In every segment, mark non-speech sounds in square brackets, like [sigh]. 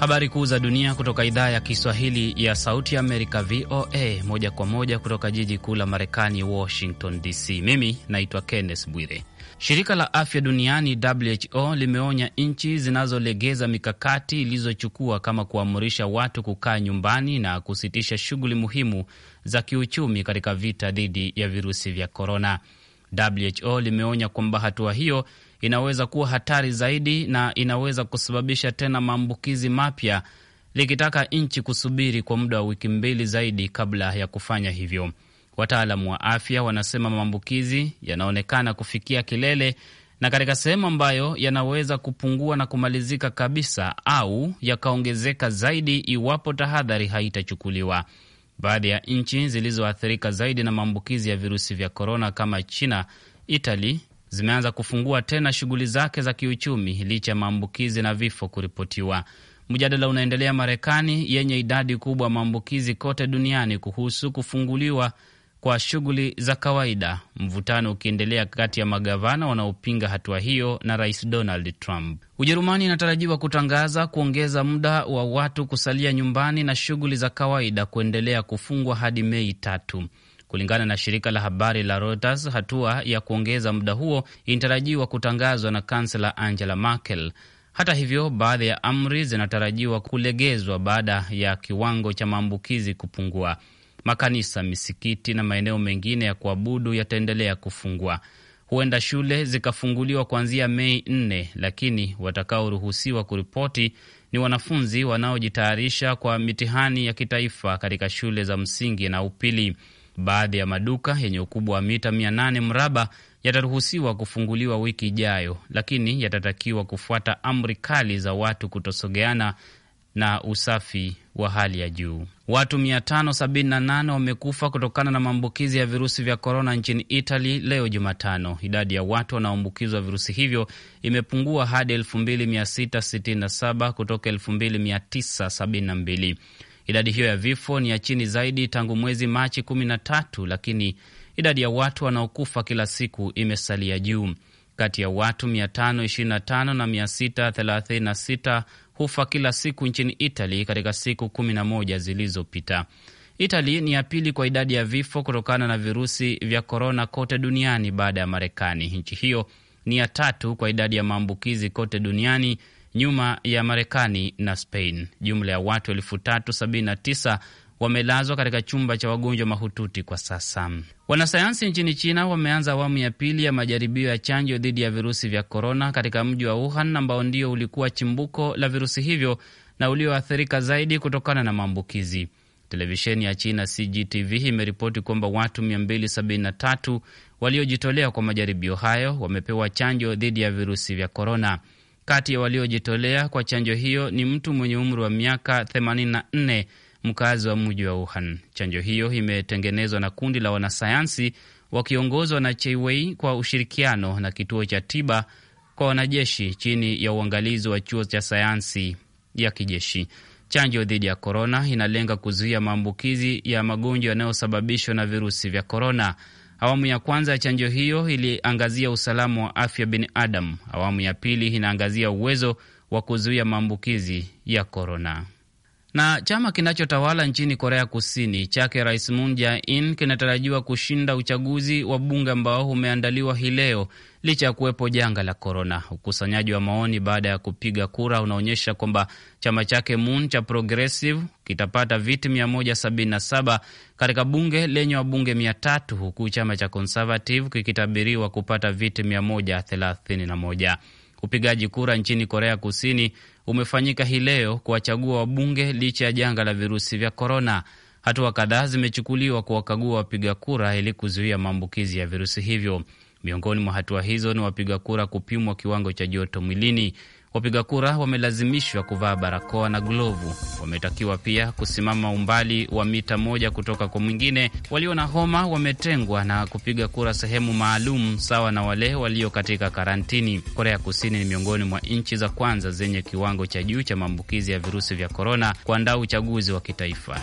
Habari kuu za dunia kutoka idhaa ya Kiswahili ya Sauti ya Amerika, VOA, moja kwa moja kutoka jiji kuu la Marekani, Washington DC. Mimi naitwa Kenneth Bwire. Shirika la Afya Duniani, WHO, limeonya nchi zinazolegeza mikakati ilizochukua kama kuamrisha watu kukaa nyumbani na kusitisha shughuli muhimu za kiuchumi katika vita dhidi ya virusi vya korona. WHO limeonya kwamba hatua hiyo inaweza kuwa hatari zaidi na inaweza kusababisha tena maambukizi mapya, likitaka nchi kusubiri kwa muda wa wiki mbili zaidi kabla ya kufanya hivyo. Wataalamu wa afya wanasema maambukizi yanaonekana kufikia kilele na katika sehemu ambayo yanaweza kupungua na kumalizika kabisa au yakaongezeka zaidi iwapo tahadhari haitachukuliwa. Baadhi ya nchi zilizoathirika zaidi na maambukizi ya virusi vya korona kama China, Itali, zimeanza kufungua tena shughuli zake za kiuchumi licha ya maambukizi na vifo kuripotiwa. Mjadala unaendelea Marekani yenye idadi kubwa ya maambukizi kote duniani kuhusu kufunguliwa kwa shughuli za kawaida, mvutano ukiendelea kati ya magavana wanaopinga hatua hiyo na Rais Donald Trump. Ujerumani inatarajiwa kutangaza kuongeza muda wa watu kusalia nyumbani na shughuli za kawaida kuendelea kufungwa hadi Mei tatu. Kulingana na shirika la habari la Reuters, hatua ya kuongeza muda huo inatarajiwa kutangazwa na kansela Angela Merkel. Hata hivyo, baadhi ya amri zinatarajiwa kulegezwa baada ya kiwango cha maambukizi kupungua. Makanisa, misikiti na maeneo mengine ya kuabudu yataendelea kufungwa. Huenda shule zikafunguliwa kuanzia Mei nne, lakini watakaoruhusiwa kuripoti ni wanafunzi wanaojitayarisha kwa mitihani ya kitaifa katika shule za msingi na upili. Baadhi ya maduka yenye ukubwa wa mita 800 mraba yataruhusiwa kufunguliwa wiki ijayo, lakini yatatakiwa kufuata amri kali za watu kutosogeana na usafi wa hali ya juu. Watu 578 wamekufa kutokana na maambukizi ya virusi vya korona nchini Italy leo Jumatano. Idadi ya watu wanaoambukizwa virusi hivyo imepungua hadi 2667 kutoka 2972. Idadi hiyo ya vifo ni ya chini zaidi tangu mwezi Machi 13, lakini idadi ya watu wanaokufa kila siku imesalia juu. Kati ya watu 525 na 636 hufa kila siku nchini Italy katika siku 11 zilizopita. itali ni ya pili kwa idadi ya vifo kutokana na virusi vya korona kote duniani baada ya Marekani. Nchi hiyo ni ya tatu kwa idadi ya maambukizi kote duniani nyuma ya Marekani na Spain. Jumla ya watu elfu tatu sabini na tisa wamelazwa katika chumba cha wagonjwa mahututi kwa sasa. Wanasayansi nchini China wameanza awamu ya pili ya majaribio ya chanjo dhidi ya virusi vya korona katika mji wa Wuhan ambao ndio ulikuwa chimbuko la virusi hivyo na ulioathirika zaidi kutokana na maambukizi. Televisheni ya China CGTV imeripoti kwamba watu 273 waliojitolea kwa majaribio hayo wamepewa chanjo dhidi ya virusi vya korona. Kati ya waliojitolea kwa chanjo hiyo ni mtu mwenye umri wa miaka 84 mkazi wa mji wa Wuhan. Chanjo hiyo imetengenezwa na kundi la wanasayansi wakiongozwa na Cheiwei kwa ushirikiano na kituo cha tiba kwa wanajeshi chini ya uangalizi wa chuo cha sayansi ya kijeshi. Chanjo dhidi ya korona inalenga kuzuia maambukizi ya magonjwa yanayosababishwa na virusi vya korona. Awamu ya kwanza ya chanjo hiyo iliangazia usalama wa afya binadamu. Awamu ya pili inaangazia uwezo wa kuzuia maambukizi ya korona. Na chama kinachotawala nchini Korea Kusini chake Rais Moon Jae-in kinatarajiwa kushinda uchaguzi wa bunge ambao umeandaliwa hii leo licha ya kuwepo janga la korona. Ukusanyaji wa maoni baada ya kupiga kura unaonyesha kwamba chama chake Moon cha Progressive kitapata viti 177 katika bunge lenye wabunge 300 huku chama cha Conservative kikitabiriwa kupata viti 131. Upigaji kura nchini Korea Kusini umefanyika hii leo kuwachagua wabunge licha ya janga la virusi vya korona. Hatua kadhaa zimechukuliwa kuwakagua wapiga kura ili kuzuia maambukizi ya virusi hivyo. Miongoni mwa hatua hizo ni wapiga kura kupimwa kiwango cha joto mwilini. Wapiga kura wamelazimishwa kuvaa barakoa na glovu. Wametakiwa pia kusimama umbali wa mita moja kutoka kwa mwingine. Walio na homa wametengwa na kupiga kura sehemu maalum, sawa na wale walio katika karantini. Korea Kusini ni miongoni mwa nchi za kwanza zenye kiwango cha juu cha maambukizi ya virusi vya korona kuandaa uchaguzi wa kitaifa.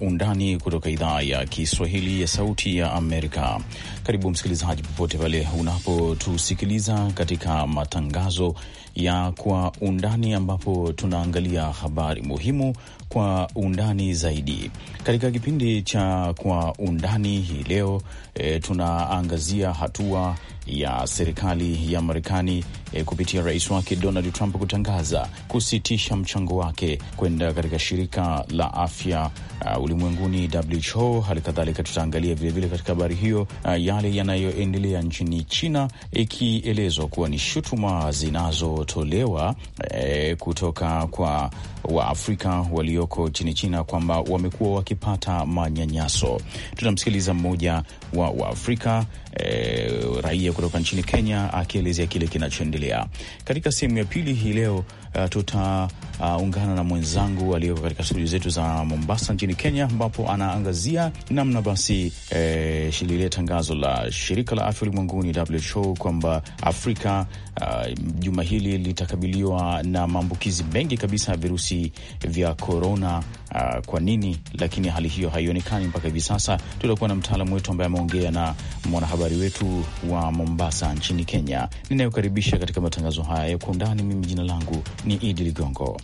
undani kutoka idhaa ya Kiswahili ya Sauti ya Amerika. Karibu msikilizaji, popote pale unapotusikiliza katika matangazo ya Kwa Undani, ambapo tunaangalia habari muhimu kwa undani zaidi. Katika kipindi cha Kwa Undani hii leo e, tunaangazia hatua ya serikali ya Marekani e, kupitia rais wake Donald Trump kutangaza kusitisha mchango wake kwenda katika shirika la afya uh, ulimwenguni WHO. Hali kadhalika tutaangalia vilevile katika habari hiyo uh, yale yanayoendelea nchini China, ikielezwa kuwa ni shutuma zinazotolewa e, kutoka kwa Waafrika walioko nchini China kwamba wamekuwa waki wakipata manyanyaso. Tunamsikiliza mmoja wa Waafrika e, raia kutoka nchini Kenya akielezea kile kinachoendelea. Katika sehemu ya pili hii leo uh, tuta uh, ungana na mwenzangu aliyoko katika studio zetu za Mombasa nchini Kenya, ambapo anaangazia namna basi eh, lile tangazo la shirika la afya ulimwenguni WHO kwamba Afrika uh, juma uh, hili litakabiliwa na maambukizi mengi kabisa ya virusi vya korona. Uh, kwa nini lakini hali hiyo haionekani mpaka hivi sasa? Tutakuwa na mtaalamu wetu ambaye ameongea na mwanahabari wetu wa Mombasa nchini Kenya. Ninayokaribisha katika matangazo haya ya kwa undani, mimi jina langu ni Idi Ligongo.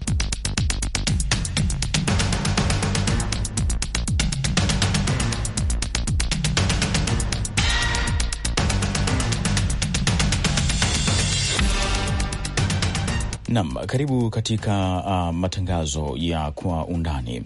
nam karibu katika uh, matangazo ya kwa undani.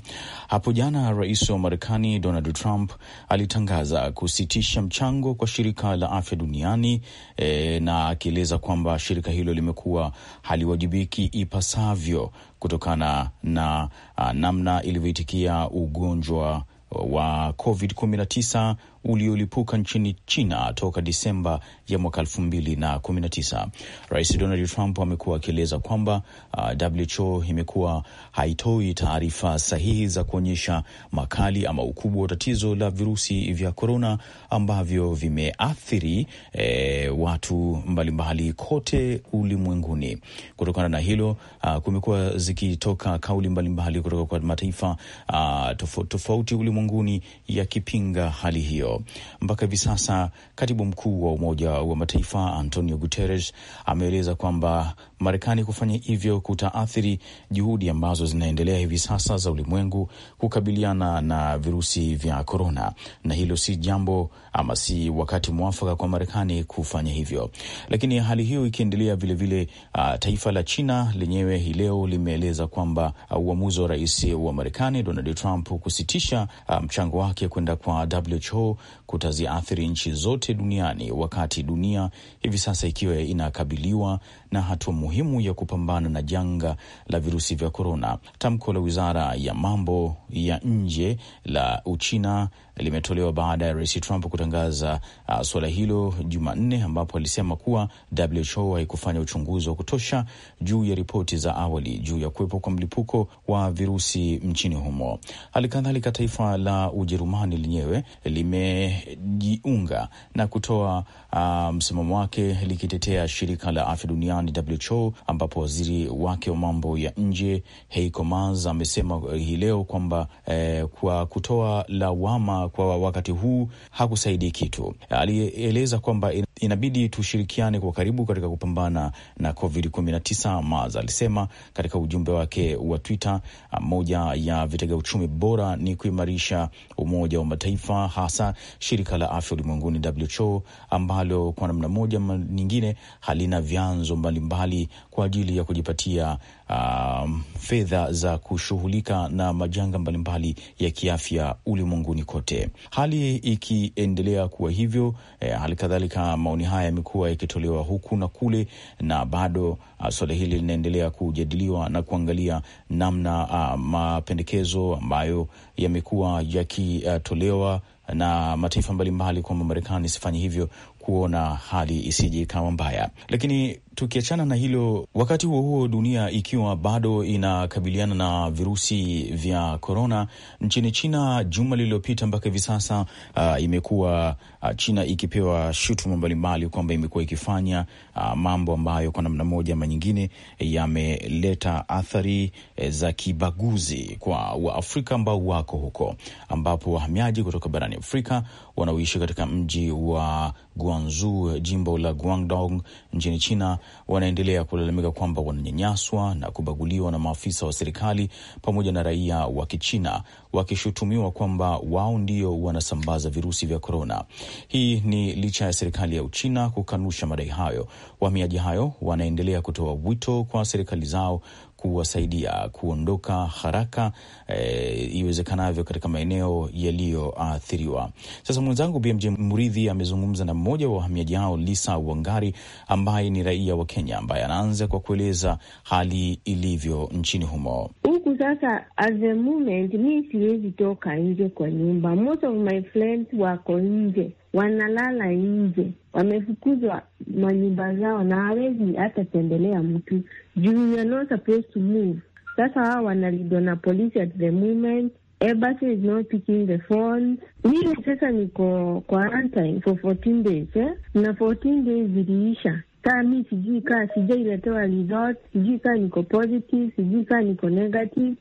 Hapo jana rais wa Marekani Donald Trump alitangaza kusitisha mchango kwa shirika la afya duniani e, na akieleza kwamba shirika hilo limekuwa haliwajibiki ipasavyo kutokana na uh, namna ilivyoitikia ugonjwa wa COVID-19 uliolipuka nchini China toka Disemba ya mwaka elfu mbili na kumi na tisa. Rais Donald Trump amekuwa akieleza kwamba uh, WHO imekuwa haitoi taarifa sahihi za kuonyesha makali ama ukubwa wa tatizo la virusi vya korona ambavyo vimeathiri eh, watu mbalimbali kote ulimwenguni. Kutokana na hilo, uh, kumekuwa zikitoka kauli mbalimbali kutoka kwa mataifa uh, tofauti ulimwenguni yakipinga hali hiyo. Mpaka hivi sasa katibu mkuu wa Umoja wa Mataifa Antonio Guterres ameeleza kwamba Marekani kufanya hivyo kutaathiri juhudi ambazo zinaendelea hivi sasa za ulimwengu kukabiliana na virusi vya korona, na hilo si jambo ama si wakati mwafaka kwa Marekani kufanya hivyo. Lakini hali hiyo ikiendelea, vilevile uh, ah, taifa la China lenyewe hii leo limeeleza kwamba uh, uamuzi wa rais wa Marekani Donald Trump kusitisha ah, mchango um, wake kwenda kwa WHO kutaziathiri nchi zote duniani, wakati dunia hivi sasa ikiwa inakabiliwa na hatua muhimu ya kupambana na janga la virusi vya korona. Tamko la wizara ya mambo ya nje la Uchina limetolewa baada ya Rais Trump kutangaza uh, suala hilo Jumanne, ambapo alisema kuwa WHO haikufanya uchunguzi wa kutosha juu ya ripoti za awali juu ya kuwepo kwa mlipuko wa virusi nchini humo. Hali kadhalika taifa la Ujerumani lenyewe limejiunga na kutoa uh, msimamo wake likitetea shirika la afya duniani WHO, ambapo waziri wake wa mambo ya nje Heiko Maas amesema hii leo kwamba eh, kwa kutoa lawama kwa wakati huu hakusaidii kitu. Alieleza kwamba inabidi tushirikiane kwa karibu katika kupambana na COVID-19, Maz alisema katika ujumbe wake wa Twitter. Moja ya vitega uchumi bora ni kuimarisha Umoja wa Mataifa, hasa shirika la afya ulimwenguni WHO, ambalo kwa namna moja nyingine halina vyanzo mbalimbali kwa ajili ya kujipatia um, fedha za kushughulika na majanga mbalimbali ya kiafya ulimwenguni kote, hali ikiendelea kuwa hivyo eh, hali kadhalika maoni haya yamekuwa yakitolewa huku na kule, na bado uh, suala hili linaendelea kujadiliwa na kuangalia namna uh, mapendekezo ambayo yamekuwa yakitolewa uh, na mataifa mbalimbali kwamba Marekani isifanye hivyo kuona hali isije ikawa mbaya, lakini Tukiachana na hilo, wakati huo huo, dunia ikiwa bado inakabiliana na virusi vya korona, nchini China juma lililopita mpaka hivi sasa uh, imekuwa uh, China ikipewa shutuma mbalimbali kwamba imekuwa ikifanya uh, mambo ambayo kwa namna moja ama nyingine yameleta athari eh, za kibaguzi kwa Waafrika ambao wako huko, ambapo wahamiaji kutoka barani Afrika wanaoishi katika mji wa Guangzhou, jimbo la Guangdong nchini China wanaendelea kulalamika kwamba wananyanyaswa na kubaguliwa na maafisa wa serikali pamoja na raia wa Kichina, wakishutumiwa kwamba wao ndio wanasambaza virusi vya korona. Hii ni licha ya serikali ya Uchina kukanusha madai hayo. Wahamiaji hayo wanaendelea kutoa wito kwa serikali zao kuwasaidia kuondoka haraka eh, iwezekanavyo katika maeneo yaliyoathiriwa. Sasa mwenzangu BMJ Mridhi amezungumza na mmoja wa wahamiaji hao Lisa Wangari ambaye ni raia wa Kenya ambaye anaanza kwa kueleza hali ilivyo nchini humo. Huku sasa, at the moment mi siwezi toka nje kwa nyumba, most of my friends wako nje, wanalala nje, wamefukuzwa manyumba zao na hawezi hata tembelea mtu juu you're not supposed to move. Sasa hawa wanalidwa na polisi at the moment. Embassy is not picking the phone. Mimi sasa niko quarantine for 14 days eh? na 14 days ziliisha kaa mi sijui kaa sijailetewa result, sijui kaa niko positive, sijui kaa niko negative.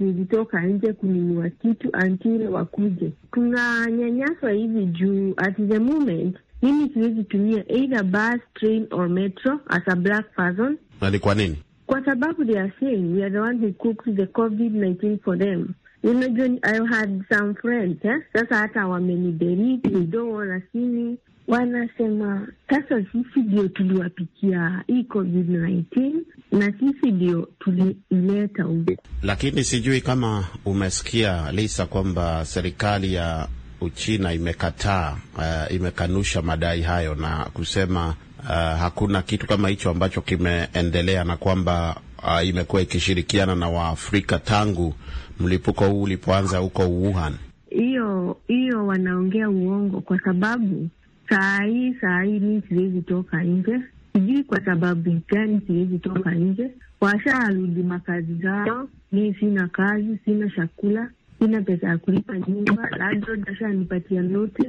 Zilitoka nje kununua kitu until wakuje. Kuna nyanyaswa hivi juu at the moment mimi siwezi tumia either bus, train or metro as a black person na ni kwa nini? Kwa sababu they are saying we are the one who cooked the COVID-19 for them. Imagine I had some friends eh? Sasa hata wameniberiki midomo na sini, wanasema sasa sisi ndio tuliwapikia hii COVID-19 na sisi ndio tulileta huku. Lakini sijui kama umesikia Lisa, kwamba serikali ya Uchina imekataa uh, imekanusha madai hayo na kusema uh, hakuna kitu kama hicho ambacho kimeendelea na kwamba uh, imekuwa ikishirikiana na Waafrika tangu mlipuko huu ulipoanza huko Wuhan. Hiyo hiyo wanaongea uongo, kwa sababu saa hii saa hii mi siwezi toka nje, sijui kwa sababu gani siwezi toka nje. Washarudi makazi zao, mi sina kazi, sina chakula, sina pesa ya kulipa nyumba, landlord ashanipatia noti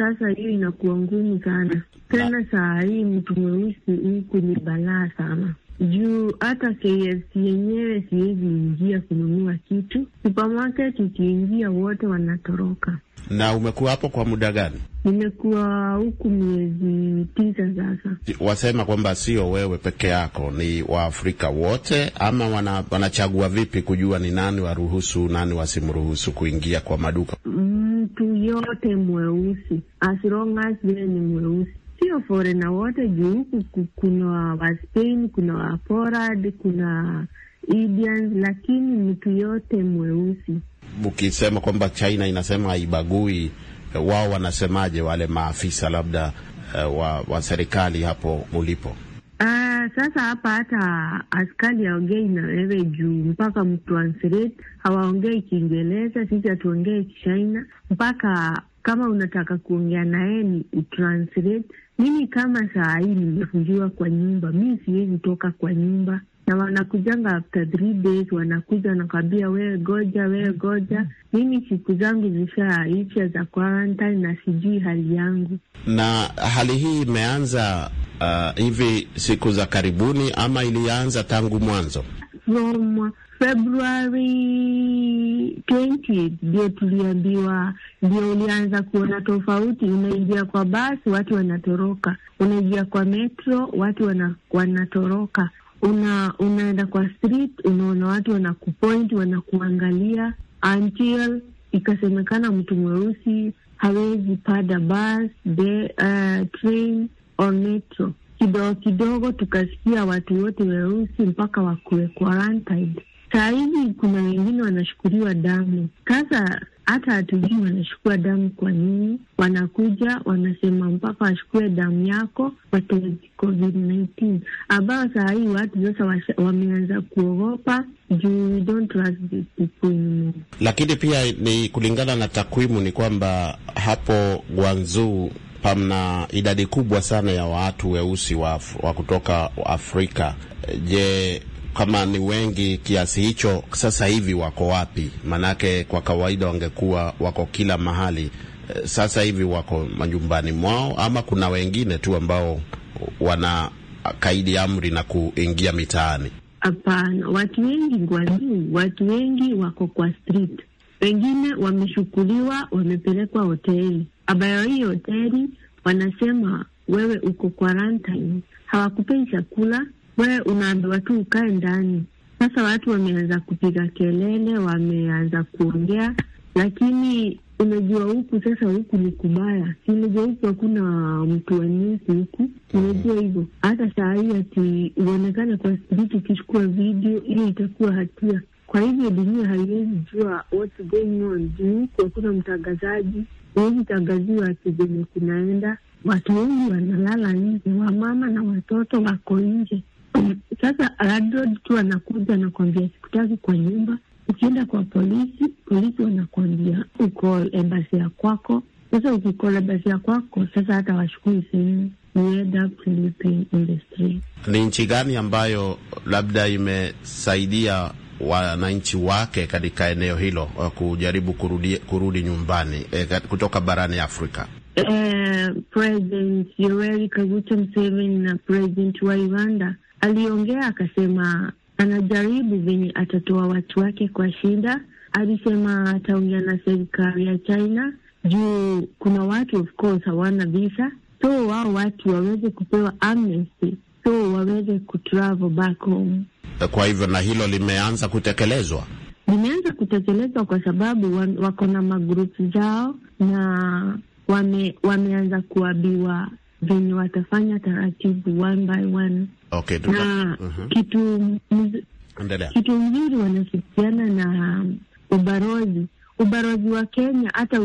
sasa hiyo inakuwa ngumu sana tena. Saa hii mtu mweusi huu kwenye balaa sana juu hata KFC yenyewe siwezi ingia kununua kitu. Supermarket ukiingia wote wanatoroka. Na umekuwa hapo kwa muda gani? Nimekuwa huku miezi tisa sasa. Wasema kwamba sio wewe peke yako, ni Waafrika wote, ama wana, wanachagua vipi kujua ni nani waruhusu nani wasimruhusu kuingia kwa maduka? Mtu yote mweusi, as long as yeye ni mweusi sio forena wote juu kuna Waspain, kuna Waforad, kuna Indians, lakini mtu yote mweusi. Ukisema kwamba China inasema haibagui, wao wanasemaje wale maafisa labda uh, wa, wa serikali hapo ulipo? Uh, sasa hapa hata askari haongei na wewe juu mpaka mtranslate, hawaongei Kiingereza, sisi hatuongee Kichina, mpaka kama unataka kuongea naye ni utranslate mimi kama saa hii nimefungiwa kwa nyumba, mi siwezi toka kwa nyumba, na wanakujanga after three days, wanakuja wanakwambia, wewe goja, wewe goja. Mimi siku zangu zishaisha za quarantine na sijui hali yangu, na hali hii imeanza uh, hivi siku za karibuni ama ilianza tangu mwanzo? Februari 20 ndio tuliambiwa, ndio ulianza kuona tofauti. Unaingia kwa basi, watu wanatoroka. Unaingia kwa metro, watu wana, wanatoroka. Una, unaenda kwa street, unaona watu wanakupoint, wanakuangalia until ikasemekana mtu mweusi hawezi pada bus, de, uh, eh, train or metro. Kidogo kidogo tukasikia watu wote weusi mpaka wakuwe quarantined saa hizi kuna wengine wanashukuliwa damu. Sasa hata hatujui wanashukua damu kwa nini. Wanakuja wanasema mpaka washukue damu yako kwa covid 19, saa hii watu sasa wameanza kuogopa juu don't trust people anymore. Lakini pia ni kulingana na takwimu ni kwamba hapo Guangzhou pamna idadi kubwa sana ya watu weusi wa, wa kutoka Afrika. Je, kama ni wengi kiasi hicho, sasa hivi wako wapi? Manake kwa kawaida wangekuwa wako kila mahali. Eh, sasa hivi wako majumbani mwao, ama kuna wengine tu ambao wana kaidi amri na kuingia mitaani? Hapana, watu wengi Gwazuu, watu wengi wako kwa street, wengine wameshukuliwa, wamepelekwa hoteli, ambayo hii hoteli wanasema wewe uko quarantine, hawakupei chakula wewe unaambiwa tu ukae ndani. Sasa watu wameanza kupiga kelele, wameanza kuongea, lakini unajua huku sasa, huku ni kubaya. Unajua huku hakuna mtu wa nyesi huku, unajua hivyo. Hata saa hii ati uonekana kwa vitu, ukichukua video hiyo itakuwa hatia. Kwa hivyo dunia haiwezi jua what's going on juu huku hakuna mtangazaji, huwezi tangaziwa ati venye kunaenda. Watu wengi wanalala nje, wamama na watoto wako nje sasa landlord tu anakuja anakuambia sikutaki kwa nyumba. Ukienda kwa polisi, polisi wanakuambia uko embasi ya kwako. Sasa ukikola embasi ya kwako, sasa hata washukuru sehemu ni nchi gani ambayo labda imesaidia wananchi wake katika eneo hilo eh, kujaribu kurudi, kurudi nyumbani e, kutoka barani Afrika? Eh, President Yoweri Kaguta Museveni na President wa Uganda aliongea akasema anajaribu venye atatoa watu wake kwa shida. Alisema ataongea na serikali ya China juu kuna watu of course hawana visa, so wao watu waweze kupewa amnesty, so waweze kutravel back home. Kwa hivyo na hilo limeanza kutekelezwa, limeanza kutekelezwa kwa sababu wako na magrupu zao na wame, wameanza kuabiwa venye watafanya taratibu one by one. Okay, na uh mhm. -huh. kitu Andalea. kitu mzuri wanashirikiana na um, ubarozi ubarozi wa Kenya, hata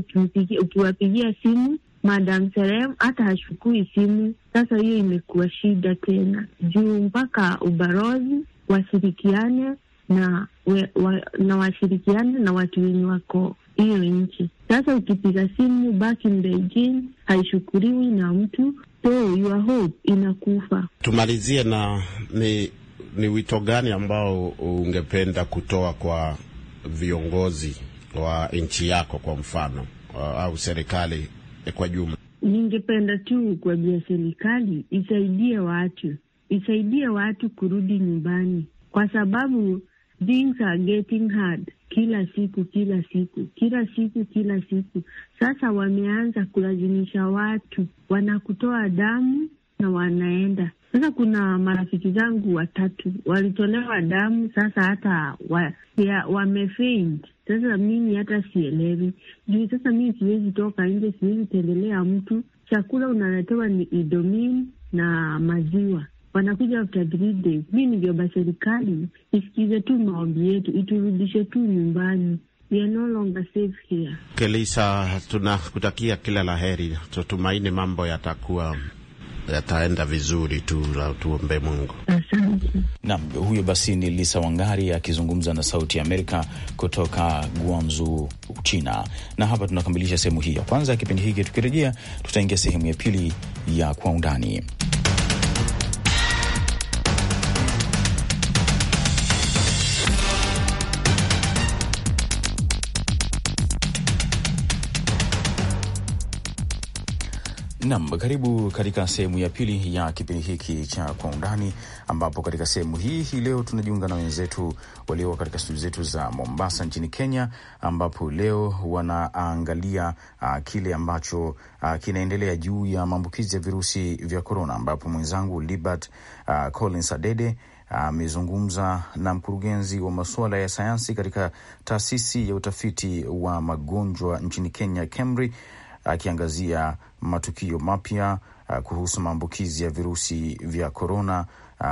ukiwapigia simu Madam Serem hata hashukui simu. Sasa hiyo imekuwa shida tena, juu mpaka ubarozi washirikiane na we, wa, na washirikiane na watu wenye wako hiyo nchi. Sasa ukipiga simu back in Beijing haishukuriwi na mtu, so your hope inakufa. Tumalizie na ni, ni wito gani ambao ungependa kutoa kwa viongozi wa nchi yako kwa mfano uh, au serikali kwa jumla? Ningependa tu kuambia serikali isaidie watu, isaidie watu kurudi nyumbani kwa sababu things are getting hard kila siku kila siku kila siku kila siku. Sasa wameanza kulazimisha watu, wanakutoa damu na wanaenda sasa. Kuna marafiki zangu watatu walitolewa damu, sasa hata wamefeint sasa mimi hata sielewi juu. Sasa mimi siwezi toka nje, siwezi tembelea mtu. Chakula unaletewa ni idomini na maziwa wanakuja after three days. Mi ningeomba serikali isikize tu maombi yetu, iturudishe tu nyumbani. We are no longer safe here. Kelisa, tunakutakia kila la heri, tutumaini mambo yatakuwa yataenda vizuri tu, la tuombe Mungu. Naam, huyo basi ni Lisa Wangari akizungumza na Sauti ya Amerika kutoka Guamzu, China. Na hapa tunakamilisha sehemu hii ya kwanza ya kipindi hiki. Tukirejea, tutaingia sehemu ya pili ya Kwa Undani. Nam, karibu katika sehemu ya pili ya kipindi hiki cha Kwa Undani, ambapo katika sehemu hii hii leo tunajiunga na wenzetu walio katika studio zetu za Mombasa nchini Kenya, ambapo leo wanaangalia uh, kile ambacho uh, kinaendelea juu ya maambukizi ya virusi vya korona, ambapo mwenzangu Libert uh, Collins Adede amezungumza uh, na mkurugenzi wa masuala ya sayansi katika taasisi ya utafiti wa magonjwa nchini Kenya, KEMRI, akiangazia matukio mapya uh, kuhusu maambukizi ya virusi vya korona uh,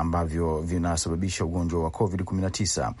ambavyo vinasababisha ugonjwa wa covid 19.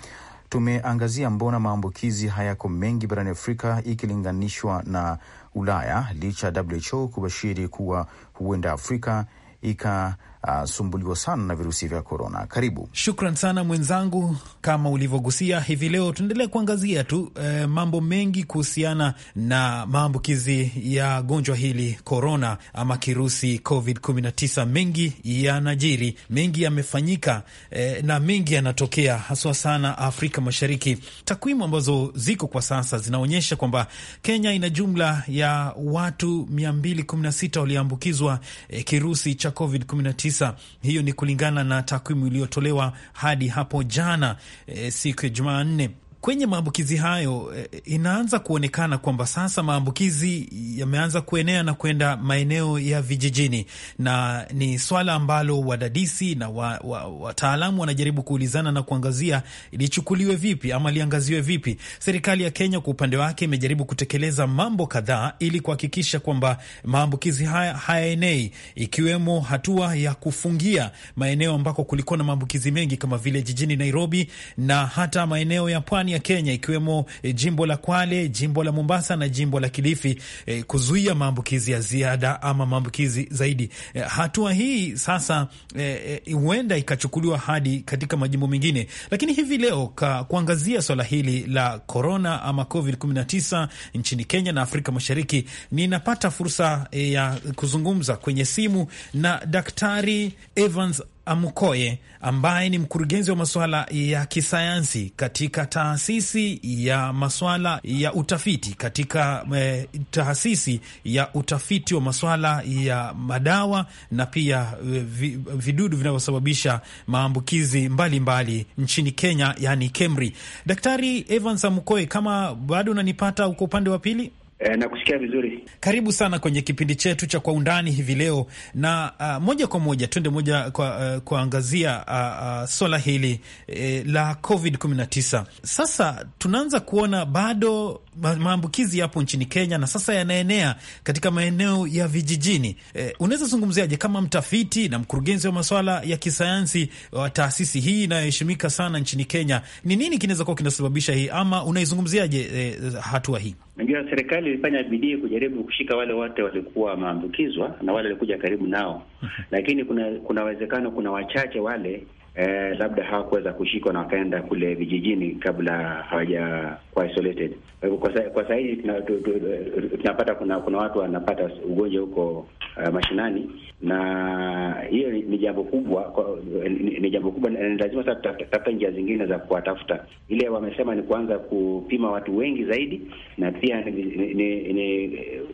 Tumeangazia mbona maambukizi hayako mengi barani Afrika ikilinganishwa na Ulaya licha ya WHO kubashiri kuwa huenda Afrika ika uh, sana na virusi vya korona. Karibu. Shukran sana mwenzangu, kama ulivyogusia hivi leo tuendelea kuangazia tu eh, mambo mengi kuhusiana na maambukizi ya gonjwa hili korona, ama kirusi Covid 19. Mengi yanajiri, mengi yamefanyika, eh, na mengi yanatokea haswa sana Afrika Mashariki. Takwimu ambazo ziko kwa sasa zinaonyesha kwamba Kenya ina jumla ya watu 216 walioambukizwa eh, kirusi cha Covid 19 kabisa. Hiyo ni kulingana na takwimu iliyotolewa hadi hapo jana, e, siku ya Jumanne kwenye maambukizi hayo eh, inaanza kuonekana kwamba sasa maambukizi yameanza kuenea na kwenda maeneo ya vijijini, na ni swala ambalo wadadisi na wataalamu wa, wa wanajaribu kuulizana na kuangazia lichukuliwe vipi ama liangaziwe vipi. Serikali ya Kenya kwa upande wake imejaribu kutekeleza mambo kadhaa ili kuhakikisha kwamba maambukizi haya hayaenei, ikiwemo hatua ya kufungia maeneo ambako kulikuwa na maambukizi mengi kama vile jijini Nairobi na hata maeneo ya pwani pwani ya Kenya ikiwemo e, jimbo la Kwale, jimbo la Mombasa na jimbo la Kilifi e, kuzuia maambukizi ya ziada ama maambukizi zaidi. E, hatua hii sasa huenda e, e, ikachukuliwa hadi katika majimbo mengine, lakini hivi leo ka, kuangazia swala hili la korona ama COVID-19 nchini Kenya na Afrika Mashariki, ninapata fursa e, ya kuzungumza kwenye simu na Daktari Evans Amkoye ambaye ni mkurugenzi wa masuala ya kisayansi katika taasisi ya masuala ya utafiti katika e, taasisi ya utafiti wa masuala ya madawa na pia eh, vi, vidudu vinavyosababisha maambukizi mbalimbali mbali, nchini Kenya, yani KEMRI. Daktari Evans amukoe kama bado unanipata uko upande wa pili? E, na kusikia vizuri. Karibu sana kwenye kipindi chetu cha kwa undani hivi leo na uh, moja kwa moja twende moja kwa uh, kuangazia uh, uh, swala hili uh, la Covid 19. Sasa tunaanza kuona bado maambukizi yapo nchini Kenya na sasa yanaenea katika maeneo ya vijijini. Uh, unaweza zungumziaje kama mtafiti na mkurugenzi wa maswala ya kisayansi wa taasisi hii inayoheshimika sana nchini Kenya, ni nini kinaweza kuwa kinasababisha hii ama unaizungumziaje uh, hatua hii? Najua serikali ilifanya bidii kujaribu kushika wale wote walikuwa wameambukizwa na wale walikuja karibu nao, lakini kuna kuna uwezekano kuna wachache wale eh, labda hawakuweza kushikwa na wakaenda kule vijijini kabla hawajakuwa isolated. Kwa hivyo kwa tunapata kuna kuna watu wanapata ugonjwa huko uh, mashinani, na hiyo ni jambo kubwa, ni jambo kubwa, ni lazima sasa tutafuta njia zingine za kuwatafuta. Ile wamesema ni kuanza kupima watu wengi zaidi, na pia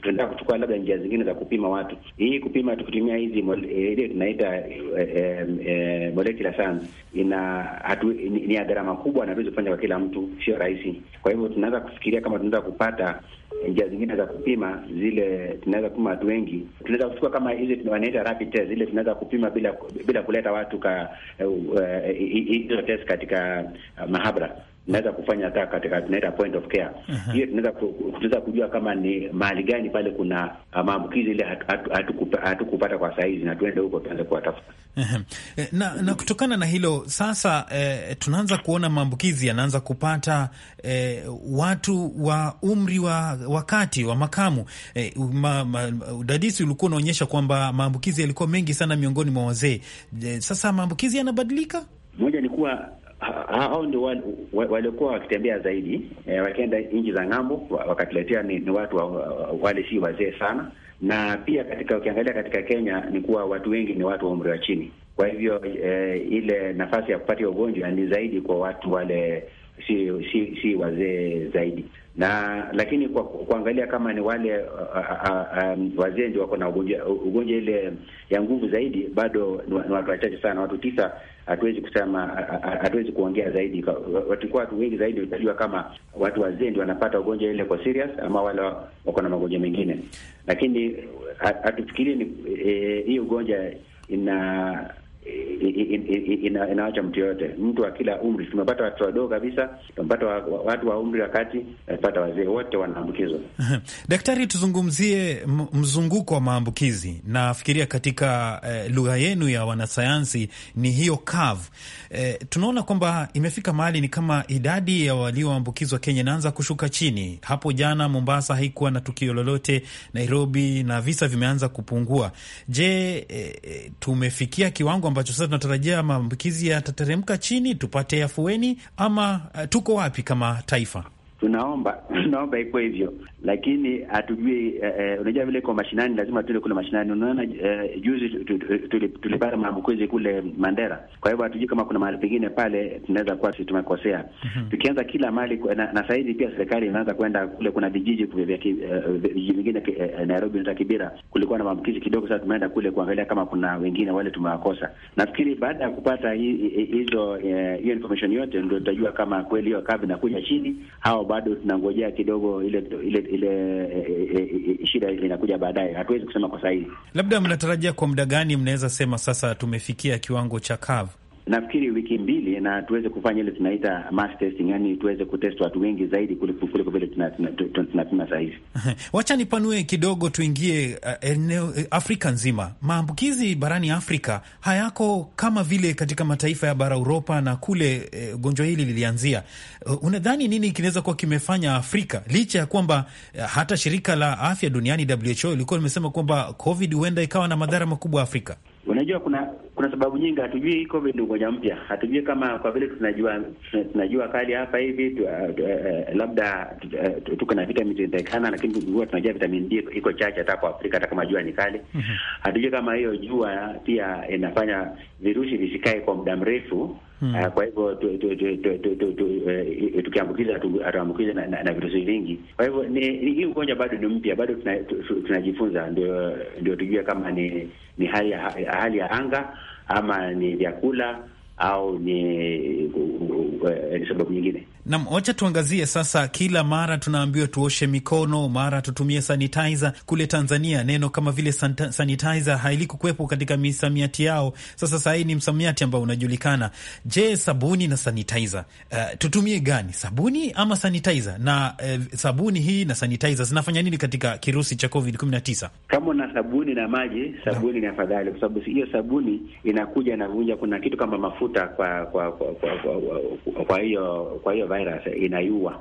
tunataka kuchukua labda njia zingine za kupima watu. Hii kupima tukitumia hizi eh, ile tunaita eh, insurance ina hatu, ni, ni ya gharama kubwa na hatuwezi kufanya kwa kila mtu, sio rahisi. Kwa hivyo tunaweza kufikiria kama tunaweza kupata njia zingine za kupima zile, tunaweza kupima watu wengi, tunaweza kuchukua kama hizi wanaita rapid test, zile tunaweza kupima bila bila kuleta watu ka eh, eh, hizo uh, uh, test katika uh, mahabara naweza kufanya hata katika tunaita point of care hiyo. -huh. tunaweza kujua kama ni mahali gani pale kuna ah, maambukizi ile hatukupata hatu, hatu kwa saizi, na tuende huko tuanze kuwatafuta eh, na, na kutokana na hilo sasa eh, tunaanza kuona maambukizi yanaanza kupata eh, watu wa umri wa wakati wa makamu eh, ma, ma, udadisi ulikuwa unaonyesha kwamba maambukizi yalikuwa mengi sana miongoni mwa wazee eh, sasa maambukizi yanabadilika. Moja ni kuwa hao ndio walikuwa wakitembea zaidi e, wakienda nchi za ng'ambo, wakatuletea ni, ni watu wa, wale si wazee sana, na pia katika ukiangalia katika Kenya ni kuwa watu wengi ni watu wa umri wa chini. Kwa hivyo e, ile nafasi ya kupata ugonjwa ni zaidi kwa watu wale si si, si wazee zaidi, na lakini kwa kuangalia kama ni wale um, wazee ndio wako na ugonjwa ile ya nguvu zaidi, bado ni watu wachache sana, watu tisa hatuwezi kusema, hatuwezi kuongea zaidi. Watakuwa watu wengi zaidi, utajua kama watu wazee ndio wanapata ugonjwa ile kwa serious, ama wale wako na magonjwa mengine, lakini hatufikirii e, e, hii e, ugonjwa ina inawacha mtu yoyote, mtu wa kila umri. Tumepata watoto wadogo kabisa, tumepata watu wa umri wa kati, tumepata wazee, wote wanaambukizwa. [laughs] Daktari, tuzungumzie mzunguko wa maambukizi. Nafikiria katika eh, lugha yenu ya wanasayansi ni hiyo curve. Eh, tunaona kwamba imefika mahali ni kama idadi ya walioambukizwa Kenya inaanza kushuka chini. Hapo jana Mombasa haikuwa na tukio lolote, Nairobi na visa vimeanza kupungua. Je, eh, eh tumefikia kiwango ambacho sasa tunatarajia maambukizi yatateremka chini, tupate afueni, ama eh, tuko wapi kama taifa? tunaomba [clears throat] tunaomba iko hivyo, lakini hatujui. Uh, Unajua vile kwa mashinani, lazima tuende kule mashinani. Unaona, uh, juzi tulipata maambukizi kule Mandera, kwa hivyo hatujui kama kuna mahali pengine pale tunaweza kuwa sisi tumekosea. mm -hmm. Tukianza kila mahali na na sahizi, pia serikali inaanza kwenda kule, kuna vijiji vijiji vingine Nairobi na Kibera kulikuwa na maambukizi kidogo, sasa tumeenda kule kuangalia kama kuna wengine wale tumewakosa. Nafikiri baada ya kupata hizo hiyo information yote, ndio tutajua kama kweli hiyo kavi inakuja chini au bado tunangojea kidogo, ile ile ile e, e, shida inakuja baadaye, hatuwezi kusema kwa sahihi. Labda mnatarajia kwa muda gani mnaweza sema sasa tumefikia kiwango cha kavu? nafikiri wiki mbili na tuweze kufanya ile tunaita mass testing, yani tuweze kutest watu wengi zaidi kuliko kuliko vile tunapima saa hizi. [laughs] Wacha nipanue kidogo, tuingie uh, eneo uh, Afrika nzima. Maambukizi barani Afrika hayako kama vile katika mataifa ya bara Uropa na kule uh, gonjwa hili lilianzia. Uh, unadhani nini kinaweza kuwa kimefanya Afrika licha ya kwamba uh, hata shirika la afya duniani WHO ilikuwa limesema kwamba COVID huenda ikawa na madhara makubwa Afrika? Unajua kuna kuna sababu nyingi, hatujui hii COVID ni ugonjwa mpya, hatujui kama kwa vile tunajua tunajua kali hapa hivi uh, uh, labda uh, tuko na vitamini zinatakikana, lakini huwa tunajua vitamin D iko chache hata kwa Afrika, hata kama jua ni kali. Mhm. Hatujui kama hiyo jua pia inafanya virusi visikae kwa muda mrefu. Hmm. Kwa hivyo tukiambukiza tuambukiza na na virusi vingi. Kwa hivyo hii ugonjwa bado ni mpya, bado tunajifunza, ndio ndio tujue kama ni ni hali ya, hali ya anga ama ni vyakula au ni eh, ni sababu nyingine. Naam, wacha tuangazie sasa, kila mara tunaambiwa tuoshe mikono, mara tutumie sanitizer. Kule Tanzania neno kama vile sanitizer hailikuwepo katika misamiati yao. Sasa saa hii ni msamiati ambao unajulikana. Je, sabuni na sanitizer, uh, tutumie gani, sabuni ama sanitizer? Na uh, sabuni hii na sanitizer zinafanya nini katika kirusi cha COVID 19? Kama na sabuni na maji, sabuni ni afadhali, kwa sababu hiyo sabuni inakuja inavunja, kuna kitu kama mafuta kwa kwa kwa, kwa kwa kwa, kwa, kwa, kwa, kwa hiyo kwa hiyo virus inaiua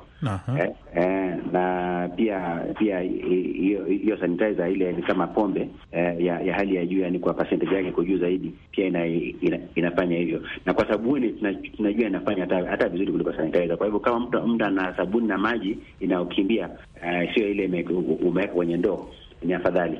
eh, eh, na pia pia hiyo sanitizer ile ni kama pombe eh, ya, ya hali ya juu, yani kwa percentage yake iko juu zaidi, pia ina, ina, inafanya hivyo, na kwa sabuni tunajua inafanya hata hata vizuri kuliko sanitizer. Kwa hivyo kama mtu mtu ana sabuni na maji inayokimbia, eh, sio ile umeweka kwenye ndoo ni afadhali.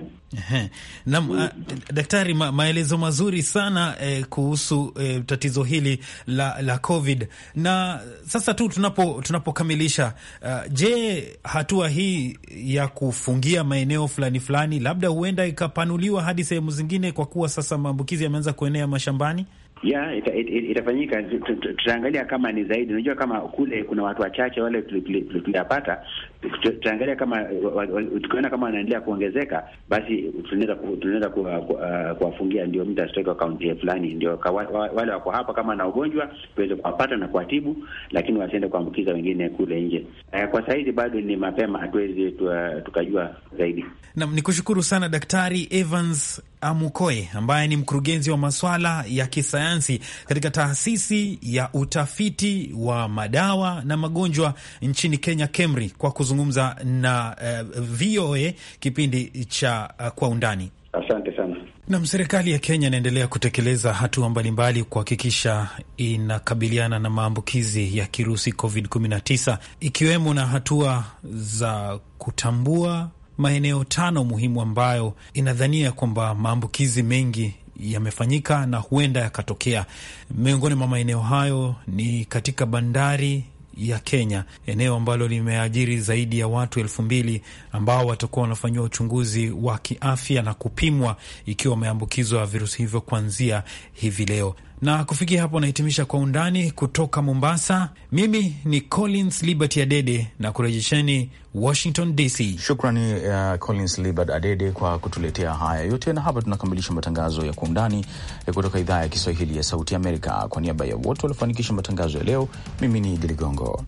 Naam, uh, daktari, ma, maelezo mazuri sana eh, kuhusu eh, tatizo hili la, la COVID na sasa tu tunapo tunapokamilisha, uh, je, hatua hii ya kufungia maeneo fulani fulani labda huenda ikapanuliwa hadi sehemu zingine kwa kuwa sasa maambukizi yameanza kuenea mashambani? Yeah, ita, it, it, itafanyika. Tutaangalia kama ni zaidi. Unajua, kama kule kuna watu wachache wale tuliyapata, tutaangalia kama tukiona kama wanaendelea kuongezeka, basi tunaweza uh, uh, kuwafungia, ndio mtu asitoke kwa kaunti fulani, ndio wale wako hapa kama na ugonjwa tuweze kuwapata na kuwatibu, lakini wasiende kuambukiza wengine kule nje. Eh, kwa sahizi bado ni mapema, hatuwezi uh, tukajua zaidi. Nam ni kushukuru sana Daktari Evans Amukoe ambaye ni mkurugenzi wa maswala ya kisayansi katika taasisi ya utafiti wa madawa na magonjwa nchini Kenya KEMRI kwa kuzo kuzungumza na uh, eh, VOA kipindi cha uh, kwa undani. Asante sana. Nam, serikali ya Kenya inaendelea kutekeleza hatua mbalimbali kuhakikisha inakabiliana na maambukizi ya kirusi COVID-19 ikiwemo na hatua za kutambua maeneo tano muhimu ambayo inadhania kwamba maambukizi mengi yamefanyika na huenda yakatokea. Miongoni mwa maeneo hayo ni katika bandari ya Kenya, eneo ambalo limeajiri zaidi ya watu elfu mbili ambao watakuwa wanafanyiwa uchunguzi wa kiafya na kupimwa ikiwa wameambukizwa virusi hivyo kuanzia hivi leo na kufikia hapo nahitimisha kwa undani kutoka Mombasa. Mimi ni Collins Liberty Adede na kurejesheni Washington DC. Shukrani uh, Collins Libert Adede kwa kutuletea haya yote, na hapa tunakamilisha matangazo ya kwa undani eh, kutoka idhaa ya Kiswahili ya Sauti Amerika. Kwa niaba ya wote waliofanikisha matangazo ya leo, mimi ni Idi Ligongo.